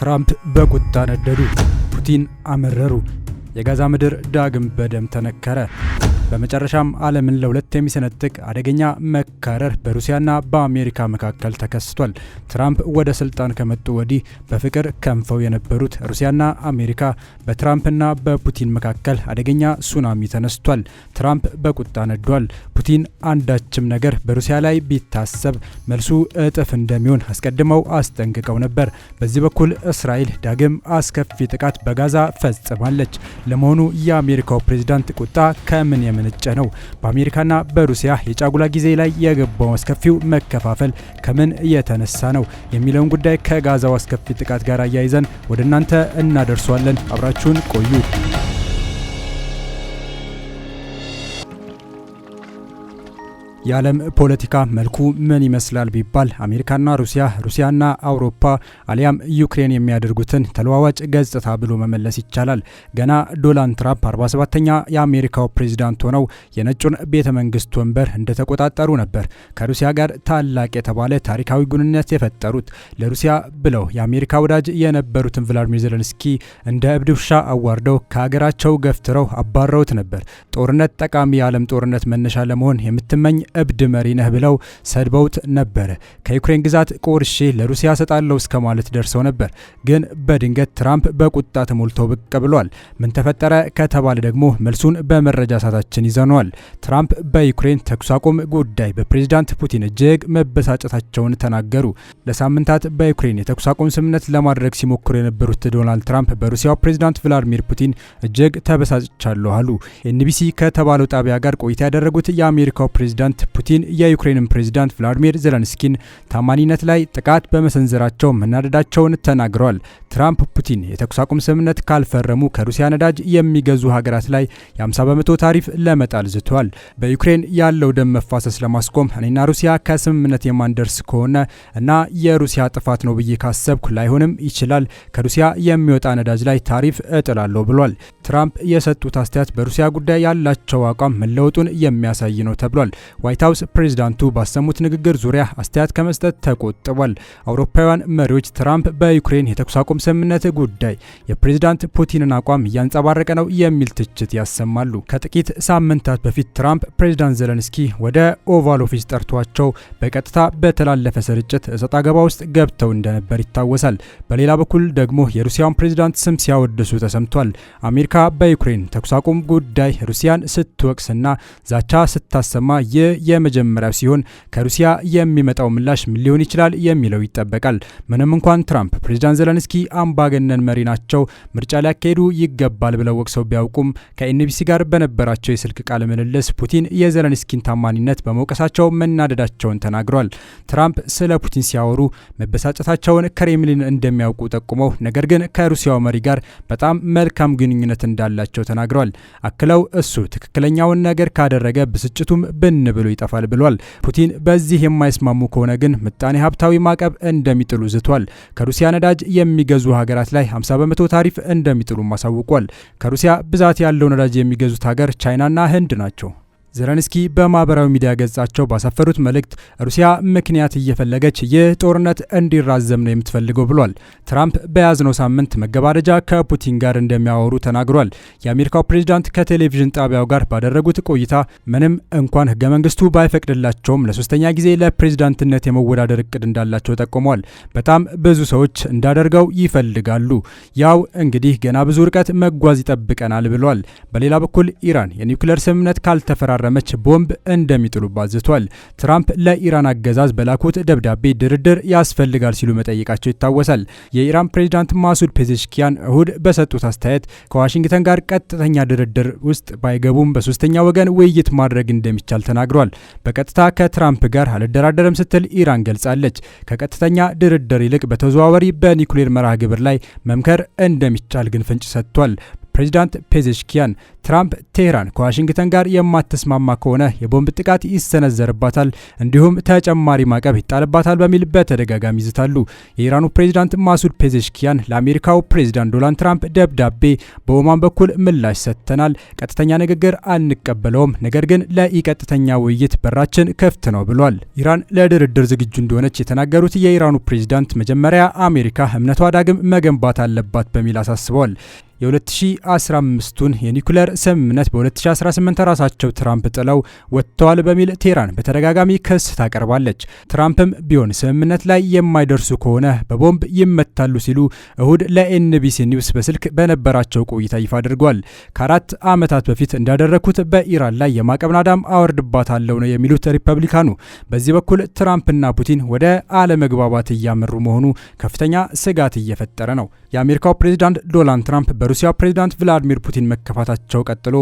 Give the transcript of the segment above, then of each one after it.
ትራምፕ በቁጣ ነደዱ፣ ፑቲን አመረሩ። የጋዛ ምድር ዳግም በደም ተነከረ። በመጨረሻም ዓለምን ለሁለት የሚሰነጥቅ አደገኛ መካረር በሩሲያና በአሜሪካ መካከል ተከስቷል። ትራምፕ ወደ ስልጣን ከመጡ ወዲህ በፍቅር ከንፈው የነበሩት ሩሲያና አሜሪካ በትራምፕና በፑቲን መካከል አደገኛ ሱናሚ ተነስቷል። ትራምፕ በቁጣ ነዷል። ፑቲን አንዳችም ነገር በሩሲያ ላይ ቢታሰብ መልሱ እጥፍ እንደሚሆን አስቀድመው አስጠንቅቀው ነበር። በዚህ በኩል እስራኤል ዳግም አስከፊ ጥቃት በጋዛ ፈጽማለች። ለመሆኑ የአሜሪካው ፕሬዚዳንት ቁጣ ከምን የመነጨ ነው። በአሜሪካና በሩሲያ የጫጉላ ጊዜ ላይ የገባው አስከፊው መከፋፈል ከምን እየተነሳ ነው የሚለውን ጉዳይ ከጋዛው አስከፊ ጥቃት ጋር አያይዘን ወደ እናንተ እናደርሷለን። አብራችሁን ቆዩ። የዓለም ፖለቲካ መልኩ ምን ይመስላል ቢባል አሜሪካና ሩሲያ፣ ሩሲያና አውሮፓ አሊያም ዩክሬን የሚያደርጉትን ተለዋዋጭ ገጽታ ብሎ መመለስ ይቻላል። ገና ዶናልድ ትራምፕ 47 ኛ የአሜሪካው ፕሬዚዳንት ሆነው የነጩን ቤተ መንግስት ወንበር እንደተቆጣጠሩ ነበር ከሩሲያ ጋር ታላቅ የተባለ ታሪካዊ ግንኙነት የፈጠሩት። ለሩሲያ ብለው የአሜሪካ ወዳጅ የነበሩትን ቭላዲሚር ዘለንስኪ እንደ እብድ ውሻ አዋርደው ከሀገራቸው ገፍትረው አባረውት ነበር። ጦርነት ጠቃሚ የዓለም ጦርነት መነሻ ለመሆን የምትመኝ እብድ መሪ ነህ ብለው ሰድበውት ነበር ከዩክሬን ግዛት ቆርሼ ለሩሲያ ሰጣለው እስከ ማለት ደርሰው ነበር። ግን በድንገት ትራምፕ በቁጣ ተሞልቶ ብቅ ብሏል። ምን ተፈጠረ ከተባለ ደግሞ መልሱን በመረጃ ሰዓታችን ይዘነዋል። ትራምፕ በዩክሬን ተኩስ አቁም ጉዳይ በፕሬዚዳንት ፑቲን እጅግ መበሳጨታቸውን ተናገሩ። ለሳምንታት በዩክሬን የተኩስ አቁም ስምምነት ለማድረግ ሲሞክሩ የነበሩት ዶናልድ ትራምፕ በሩሲያው ፕሬዚዳንት ቭላዲሚር ፑቲን እጅግ ተበሳጭቻለሁ አሉ። ኤንቢሲ ከተባለው ጣቢያ ጋር ቆይታ ያደረጉት የአሜሪካው ፕሬዚዳንት ፑቲን የዩክሬንን ፕሬዚዳንት ቭላዲሚር ዘለንስኪን ታማኒነት ላይ ጥቃት በመሰንዘራቸው መናደዳቸውን ተናግረዋል። ትራምፕ ፑቲን የተኩስ አቁም ስምምነት ካልፈረሙ ከሩሲያ ነዳጅ የሚገዙ ሀገራት ላይ የ50 በመቶ ታሪፍ ለመጣል ዝተዋል። በዩክሬን ያለው ደም መፋሰስ ለማስቆም እኔና ሩሲያ ከስምምነት የማንደርስ ከሆነ እና የሩሲያ ጥፋት ነው ብዬ ካሰብኩ ላይሆንም ይችላል ከሩሲያ የሚወጣ ነዳጅ ላይ ታሪፍ እጥላለሁ ብሏል። ትራምፕ የሰጡት አስተያየት በሩሲያ ጉዳይ ያላቸው አቋም መለወጡን የሚያሳይ ነው ተብሏል። ዋይት ሀውስ ፕሬዚዳንቱ ባሰሙት ንግግር ዙሪያ አስተያየት ከመስጠት ተቆጥቧል። አውሮፓውያን መሪዎች ትራምፕ በዩክሬን የተኩስ አቁም ስምምነት ጉዳይ የፕሬዚዳንት ፑቲንን አቋም እያንጸባረቀ ነው የሚል ትችት ያሰማሉ። ከጥቂት ሳምንታት በፊት ትራምፕ ፕሬዚዳንት ዘለንስኪ ወደ ኦቫል ኦፊስ ጠርቷቸው በቀጥታ በተላለፈ ስርጭት እሰጥ አገባ ውስጥ ገብተው እንደነበር ይታወሳል። በሌላ በኩል ደግሞ የሩሲያን ፕሬዚዳንት ስም ሲያወድሱ ተሰምቷል። አሜሪካ በዩክሬን ተኩስ አቁም ጉዳይ ሩሲያን ስትወቅስና ዛቻ ስታሰማ ይህ የመጀመሪያው ሲሆን ከሩሲያ የሚመጣው ምላሽ ምን ሊሆን ይችላል የሚለው ይጠበቃል። ምንም እንኳን ትራምፕ ፕሬዚዳንት ዘለንስኪ አምባገነን መሪ ናቸው፣ ምርጫ ሊያካሄዱ ይገባል ብለው ወቅሰው ቢያውቁም ከኤንቢሲ ጋር በነበራቸው የስልክ ቃለ ምልልስ ፑቲን የዘለንስኪን ታማኒነት በመውቀሳቸው መናደዳቸውን ተናግሯል። ትራምፕ ስለ ፑቲን ሲያወሩ መበሳጨታቸውን ክሬምሊን እንደሚያውቁ ጠቁመው ነገር ግን ከሩሲያው መሪ ጋር በጣም መልካም ግንኙነት እንዳላቸው ተናግሯል። አክለው እሱ ትክክለኛውን ነገር ካደረገ ብስጭቱም ብን ብሎ ይጠፋል ብሏል። ፑቲን በዚህ የማይስማሙ ከሆነ ግን ምጣኔ ሀብታዊ ማዕቀብ እንደሚጥሉ ዝቷል። ከሩሲያ ነዳጅ የሚገዙ ሀገራት ላይ 50 በመቶ ታሪፍ እንደሚጥሉ አሳውቋል። ከሩሲያ ብዛት ያለው ነዳጅ የሚገዙት ሀገር ቻይናና ህንድ ናቸው። ዘለንስኪ በማህበራዊ ሚዲያ ገጻቸው ባሰፈሩት መልእክት ሩሲያ ምክንያት እየፈለገች ይህ ጦርነት እንዲራዘም ነው የምትፈልገው ብሏል። ትራምፕ በያዝነው ሳምንት መገባደጃ ከፑቲን ጋር እንደሚያወሩ ተናግሯል። የአሜሪካው ፕሬዚዳንት ከቴሌቪዥን ጣቢያው ጋር ባደረጉት ቆይታ ምንም እንኳን ህገ መንግስቱ ባይፈቅድላቸውም ለሶስተኛ ጊዜ ለፕሬዚዳንትነት የመወዳደር እቅድ እንዳላቸው ጠቁመዋል። በጣም ብዙ ሰዎች እንዳደርገው ይፈልጋሉ። ያው እንግዲህ ገና ብዙ ርቀት መጓዝ ይጠብቀናል ብሏል። በሌላ በኩል ኢራን የኒውክሌር ስምምነት ካልተፈራ የተፋረመች ቦምብ እንደሚጥሉባት አዝቷል። ትራምፕ ለኢራን አገዛዝ በላኩት ደብዳቤ ድርድር ያስፈልጋል ሲሉ መጠየቃቸው ይታወሳል። የኢራን ፕሬዚዳንት ማሱድ ፔዜሽኪያን እሁድ በሰጡት አስተያየት ከዋሽንግተን ጋር ቀጥተኛ ድርድር ውስጥ ባይገቡም በሶስተኛ ወገን ውይይት ማድረግ እንደሚቻል ተናግሯል። በቀጥታ ከትራምፕ ጋር አልደራደረም ስትል ኢራን ገልጻለች። ከቀጥተኛ ድርድር ይልቅ በተዘዋወሪ በኒኩሌር መርሃ ግብር ላይ መምከር እንደሚቻል ግን ፍንጭ ሰጥቷል። ፕሬዚዳንት ፔዜሽኪያን ትራምፕ ቴህራን ከዋሽንግተን ጋር የማትስማማ ከሆነ የቦምብ ጥቃት ይሰነዘርባታል፣ እንዲሁም ተጨማሪ ማዕቀብ ይጣልባታል በሚል በተደጋጋሚ ይዝታሉ። የኢራኑ ፕሬዚዳንት ማሱድ ፔዜሽኪያን ለአሜሪካው ፕሬዚዳንት ዶናልድ ትራምፕ ደብዳቤ በኦማን በኩል ምላሽ ሰጥተናል፣ ቀጥተኛ ንግግር አንቀበለውም፣ ነገር ግን ለኢቀጥተኛ ውይይት በራችን ክፍት ነው ብሏል። ኢራን ለድርድር ዝግጁ እንደሆነች የተናገሩት የኢራኑ ፕሬዚዳንት መጀመሪያ አሜሪካ እምነቷ ዳግም መገንባት አለባት በሚል አሳስበዋል። የ2015ቱን የኒኩሌር ስምምነት በ2018 ራሳቸው ትራምፕ ጥለው ወጥተዋል በሚል ቴህራን በተደጋጋሚ ክስ ታቀርባለች። ትራምፕም ቢሆን ስምምነት ላይ የማይደርሱ ከሆነ በቦምብ ይመታሉ ሲሉ እሁድ ለኤንቢሲ ኒውስ በስልክ በነበራቸው ቆይታ ይፋ አድርጓል። ከአራት ዓመታት በፊት እንዳደረግኩት በኢራን ላይ የማዕቀብ ናዳም አወርድባታለሁ ነው የሚሉት ሪፐብሊካኑ። በዚህ በኩል ትራምፕና ፑቲን ወደ አለመግባባት እያመሩ መሆኑ ከፍተኛ ስጋት እየፈጠረ ነው። የአሜሪካው ፕሬዚዳንት ዶናልድ ትራምፕ በሩሲያ ፕሬዚዳንት ቭላዲሚር ፑቲን መከፋታቸው ቀጥሎ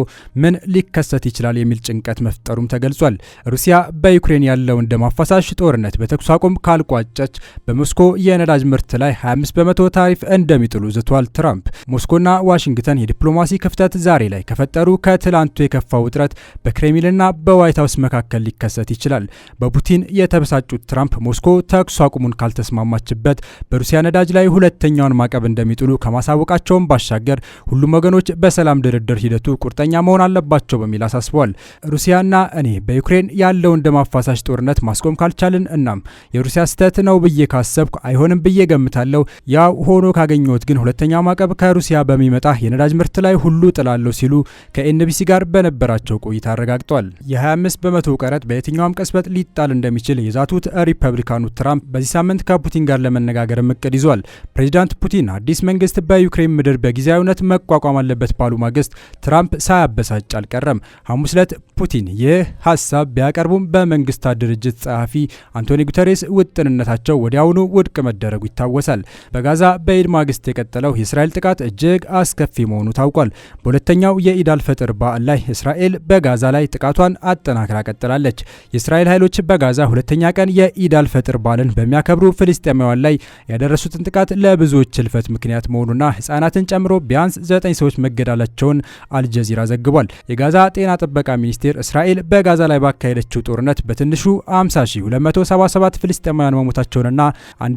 ምን ሊከሰት ይችላል የሚል ጭንቀት መፍጠሩም ተገልጿል። ሩሲያ በዩክሬን ያለውን ደም አፋሳሽ ጦርነት በተኩስ አቁም ካልቋጨች በሞስኮ የነዳጅ ምርት ላይ 25 በመቶ ታሪፍ እንደሚጥሉ ዝቷል ትራምፕ። ሞስኮና ዋሽንግተን የዲፕሎማሲ ክፍተት ዛሬ ላይ ከፈጠሩ ከትላንቱ የከፋ ውጥረት በክሬምሊንና በዋይት ሀውስ መካከል ሊከሰት ይችላል። በፑቲን የተበሳጩት ትራምፕ ሞስኮ ተኩስ አቁሙን ካልተስማማችበት በሩሲያ ነዳጅ ላይ ሁለተኛውን ማዕቀብ እንደሚጥሉ ከማሳወቃቸውን ባሻገር ለማስወገድ ሁሉም ወገኖች በሰላም ድርድር ሂደቱ ቁርጠኛ መሆን አለባቸው በሚል አሳስበዋል። ሩሲያና እኔ በዩክሬን ያለውን ደም አፋሳሽ ጦርነት ማስቆም ካልቻልን እናም የሩሲያ ስህተት ነው ብዬ ካሰብኩ አይሆንም ብዬ ገምታለሁ። ያው ሆኖ ካገኘሁት ግን ሁለተኛ ማዕቀብ ከሩሲያ በሚመጣ የነዳጅ ምርት ላይ ሁሉ ጥላለሁ ሲሉ ከኤንቢሲ ጋር በነበራቸው ቆይታ አረጋግጧል። የ25 በመቶ ቀረጥ በየትኛውም ቅጽበት ሊጣል እንደሚችል የዛቱት ሪፐብሊካኑ ትራምፕ በዚህ ሳምንት ከፑቲን ጋር ለመነጋገርም እቅድ ይዟል። ፕሬዚዳንት ፑቲን አዲስ መንግስት በዩክሬን ምድር በጊዜያዊ እውነት መቋቋም አለበት ባሉ ማግስት ትራምፕ ሳያበሳጭ አልቀረም። ሐሙስ ዕለት ፑቲን ይህ ሀሳብ ቢያቀርቡም በመንግስታት ድርጅት ጸሐፊ አንቶኒ ጉተሬስ ውጥንነታቸው ወዲያውኑ ውድቅ መደረጉ ይታወሳል። በጋዛ በኢድ ማግስት የቀጠለው የእስራኤል ጥቃት እጅግ አስከፊ መሆኑ ታውቋል። በሁለተኛው የኢዳል ፈጥር በዓል ላይ እስራኤል በጋዛ ላይ ጥቃቷን አጠናክራ ቀጥላለች። የእስራኤል ኃይሎች በጋዛ ሁለተኛ ቀን የኢዳል ፈጥር በዓልን በሚያከብሩ ፍልስጤማውያን ላይ ያደረሱትን ጥቃት ለብዙዎች ህልፈት ምክንያት መሆኑና ህጻናትን ጨምሮ ቢያንስ ዘጠኝ ሰዎች መገደላቸውን አልጀዚራ ዘግቧል። የጋዛ ጤና ጥበቃ ሚኒስቴር እስራኤል በጋዛ ላይ ባካሄደችው ጦርነት በትንሹ 50277 ፍልስጤማውያን መሞታቸውንና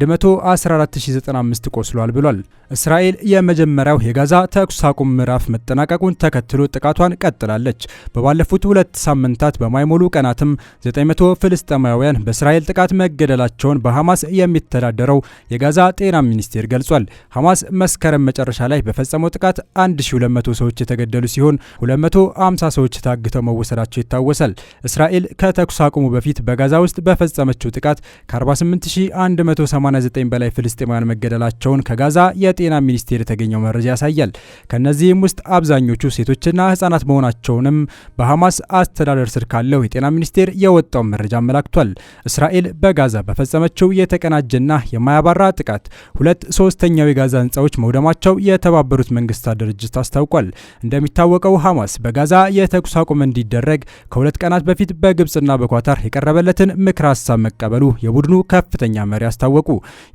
114095 ቆስሏል ብሏል። እስራኤል የመጀመሪያው የጋዛ ተኩስ አቁም ምዕራፍ መጠናቀቁን ተከትሎ ጥቃቷን ቀጥላለች። በባለፉት ሁለት ሳምንታት በማይሞሉ ቀናትም 900 ፍልስጤማውያን በእስራኤል ጥቃት መገደላቸውን በሐማስ የሚተዳደረው የጋዛ ጤና ሚኒስቴር ገልጿል። ሐማስ መስከረም መጨረሻ ላይ በፈጸመ በተፈጸመው ጥቃት 1200 ሰዎች የተገደሉ ሲሆን 250 ሰዎች ታግተው መወሰዳቸው ይታወሳል። እስራኤል ከተኩስ አቁሙ በፊት በጋዛ ውስጥ በፈጸመችው ጥቃት ከ48189 በላይ ፍልስጤማውያን መገደላቸውን ከጋዛ የጤና ሚኒስቴር የተገኘው መረጃ ያሳያል። ከእነዚህም ውስጥ አብዛኞቹ ሴቶችና ህጻናት መሆናቸውንም በሐማስ አስተዳደር ስር ካለው የጤና ሚኒስቴር የወጣው መረጃ አመላክቷል። እስራኤል በጋዛ በፈጸመችው የተቀናጀና የማያባራ ጥቃት ሁለት ሶስተኛው የጋዛ ህንፃዎች መውደማቸው የተባበሩት መንግስታት ድርጅት አስታውቋል። እንደሚታወቀው ሐማስ በጋዛ የተኩስ አቁም እንዲደረግ ከሁለት ቀናት በፊት በግብፅና በኳታር የቀረበለትን ምክር ሀሳብ መቀበሉ የቡድኑ ከፍተኛ መሪ አስታወቁ።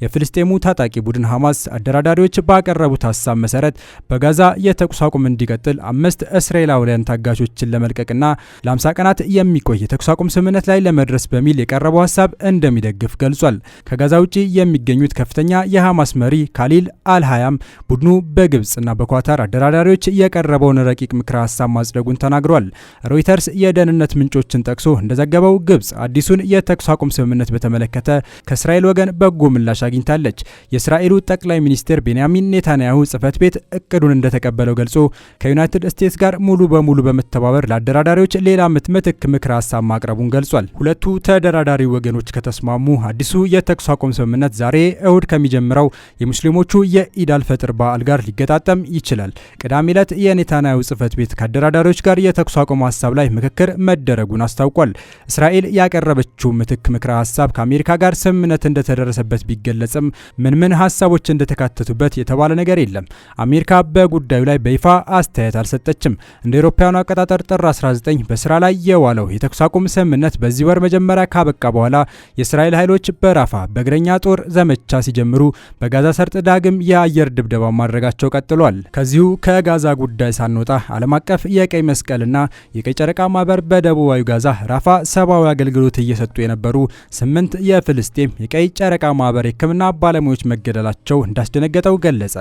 የፍልስጤሙ ታጣቂ ቡድን ሐማስ አደራዳሪዎች ባቀረቡት ሀሳብ መሰረት በጋዛ የተኩስ አቁም እንዲቀጥል አምስት እስራኤላውያን ታጋቾችን ለመልቀቅና ለ50 ቀናት የሚቆይ የተኩስ አቁም ስምምነት ላይ ለመድረስ በሚል የቀረበው ሀሳብ እንደሚደግፍ ገልጿል። ከጋዛ ውጭ የሚገኙት ከፍተኛ የሐማስ መሪ ካሊል አልሃያም ቡድኑ በግብጽ በግብፅና በኳታር አደራዳሪዎች የቀረበውን ረቂቅ ምክረ ሀሳብ ማጽደጉን ተናግሯል። ሮይተርስ የደህንነት ምንጮችን ጠቅሶ እንደዘገበው ግብጽ አዲሱን የተኩስ አቁም ስምምነት በተመለከተ ከእስራኤል ወገን በጎ ምላሽ አግኝታለች። የእስራኤሉ ጠቅላይ ሚኒስትር ቤንያሚን ኔታንያሁ ጽህፈት ቤት እቅዱን እንደተቀበለው ገልጾ ከዩናይትድ ስቴትስ ጋር ሙሉ በሙሉ በመተባበር ለአደራዳሪዎች ሌላ ምትምትክ ምትክ ምክረ ሀሳብ ማቅረቡን ገልጿል። ሁለቱ ተደራዳሪ ወገኖች ከተስማሙ አዲሱ የተኩስ አቁም ስምምነት ዛሬ እሁድ ከሚጀምረው የሙስሊሞቹ የኢዳል ፈጥር በዓል ጋር ሊገጣጠም ሊፈጸም ይችላል። ቅዳሜ ዕለት የኔታንያሁ ጽህፈት ቤት ከአደራዳሪዎች ጋር የተኩስ አቁም ሀሳብ ላይ ምክክር መደረጉን አስታውቋል። እስራኤል ያቀረበችው ምትክ ምክረ ሀሳብ ከአሜሪካ ጋር ስምምነት እንደተደረሰበት ቢገለጽም ምን ምን ሀሳቦች እንደተካተቱበት የተባለ ነገር የለም። አሜሪካ በጉዳዩ ላይ በይፋ አስተያየት አልሰጠችም። እንደ አውሮፓውያኑ አቆጣጠር ጥር 19 በስራ ላይ የዋለው የተኩስ አቁም ስምምነት በዚህ ወር መጀመሪያ ካበቃ በኋላ የእስራኤል ኃይሎች በራፋ በእግረኛ ጦር ዘመቻ ሲጀምሩ በጋዛ ሰርጥ ዳግም የአየር ድብደባ ማድረጋቸው ቀጥሏል። ተናግረዋል። ከዚሁ ከጋዛ ጉዳይ ሳንወጣ ዓለም አቀፍ የቀይ መስቀልና የቀይ ጨረቃ ማህበር በደቡባዊ ጋዛ ራፋ ሰብአዊ አገልግሎት እየሰጡ የነበሩ ስምንት የፍልስጤም የቀይ ጨረቃ ማህበር የሕክምና ባለሙያዎች መገደላቸው እንዳስደነገጠው ገለጸ።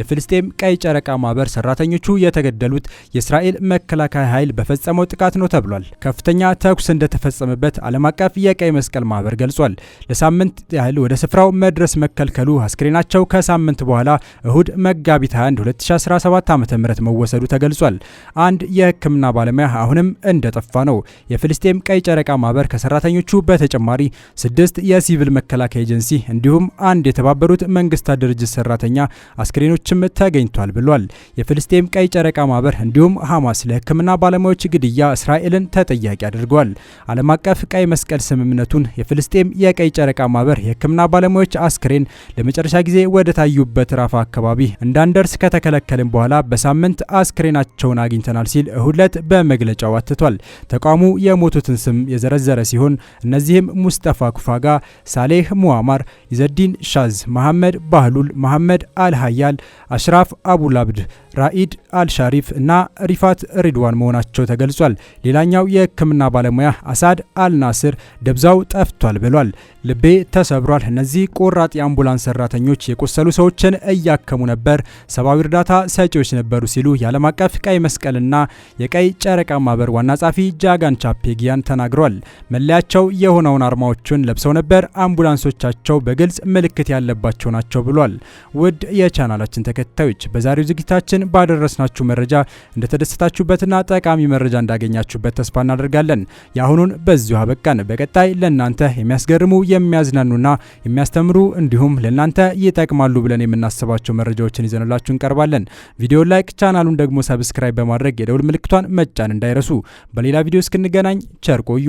የፍልስጤም ቀይ ጨረቃ ማህበር ሰራተኞቹ የተገደሉት የእስራኤል መከላከያ ኃይል በፈጸመው ጥቃት ነው ተብሏል። ከፍተኛ ተኩስ እንደተፈጸመበት ዓለም አቀፍ የቀይ መስቀል ማህበር ገልጿል። ለሳምንት ያህል ወደ ስፍራው መድረስ መከልከሉ አስክሬናቸው ከሳምንት በኋላ እሁድ መጋቢት 21 2017 ዓ ም መወሰዱ ተገልጿል። አንድ የህክምና ባለሙያ አሁንም እንደጠፋ ነው። የፍልስጤም ቀይ ጨረቃ ማህበር ከሰራተኞቹ በተጨማሪ ስድስት የሲቪል መከላከያ ኤጀንሲ እንዲሁም አንድ የተባበሩት መንግስታት ድርጅት ሰራተኛ አስክሬኖችም ተገኝቷል ብሏል። የፍልስጤም ቀይ ጨረቃ ማህበር እንዲሁም ሐማስ ለህክምና ባለሙያዎች ግድያ እስራኤልን ተጠያቂ አድርጓል። ዓለም አቀፍ ቀይ መስቀል ስምምነቱን የፍልስጤም የቀይ ጨረቃ ማህበር የህክምና ባለሙያዎች አስክሬን ለመጨረሻ ጊዜ ወደ ታዩበት ራፋ አካባቢ እንዳንደርስ ከተ ከተከለከልን በኋላ በሳምንት አስክሬናቸውን አግኝተናል ሲል እሁድ ዕለት በመግለጫው አትቷል። ተቋሙ የሞቱትን ስም የዘረዘረ ሲሆን እነዚህም ሙስጠፋ ኩፋጋ፣ ሳሌህ ሙዋማር፣ ኢዘዲን ሻዝ፣ መሐመድ ባህሉል፣ መሐመድ አልሀያል፣ አሽራፍ አቡላብድ፣ ራኢድ አልሻሪፍ እና ሪፋት ሪድዋን መሆናቸው ተገልጿል። ሌላኛው የሕክምና ባለሙያ አሳድ አልናስር ደብዛው ጠፍቷል ብሏል። ልቤ ተሰብሯል። እነዚህ ቆራጥ የአምቡላንስ ሰራተኞች የቆሰሉ ሰዎችን እያከሙ ነበር። ሰብአዊ እርዳታ ሰጪዎች ነበሩ ሲሉ የዓለም አቀፍ ቀይ መስቀልና የቀይ ጨረቃ ማህበር ዋና ጸሐፊ ጃጋን ቻፔጊያን ተናግሯል። መለያቸው የሆነውን አርማዎቹን ለብሰው ነበር። አምቡላንሶቻቸው በግልጽ ምልክት ያለባቸው ናቸው ብሏል። ውድ የቻናላችን ተከታዮች በዛሬው ዝግጅታችን ባደረስናችሁ መረጃ እንደተደሰታችሁበትና ጠቃሚ መረጃ እንዳገኛችሁበት ተስፋ እናደርጋለን። የአሁኑን በዚሁ አበቃን። በቀጣይ ለእናንተ የሚያስገርሙ የሚያዝናኑና የሚያስተምሩ እንዲሁም ለእናንተ ይጠቅማሉ ብለን የምናስባቸው መረጃዎችን ይዘንላችሁ እናቀርባለን። ቪዲዮ ላይክ፣ ቻናሉን ደግሞ ሰብስክራይብ በማድረግ የደውል ምልክቷን መጫን እንዳይረሱ። በሌላ ቪዲዮ እስክንገናኝ ቸር ቆዩ።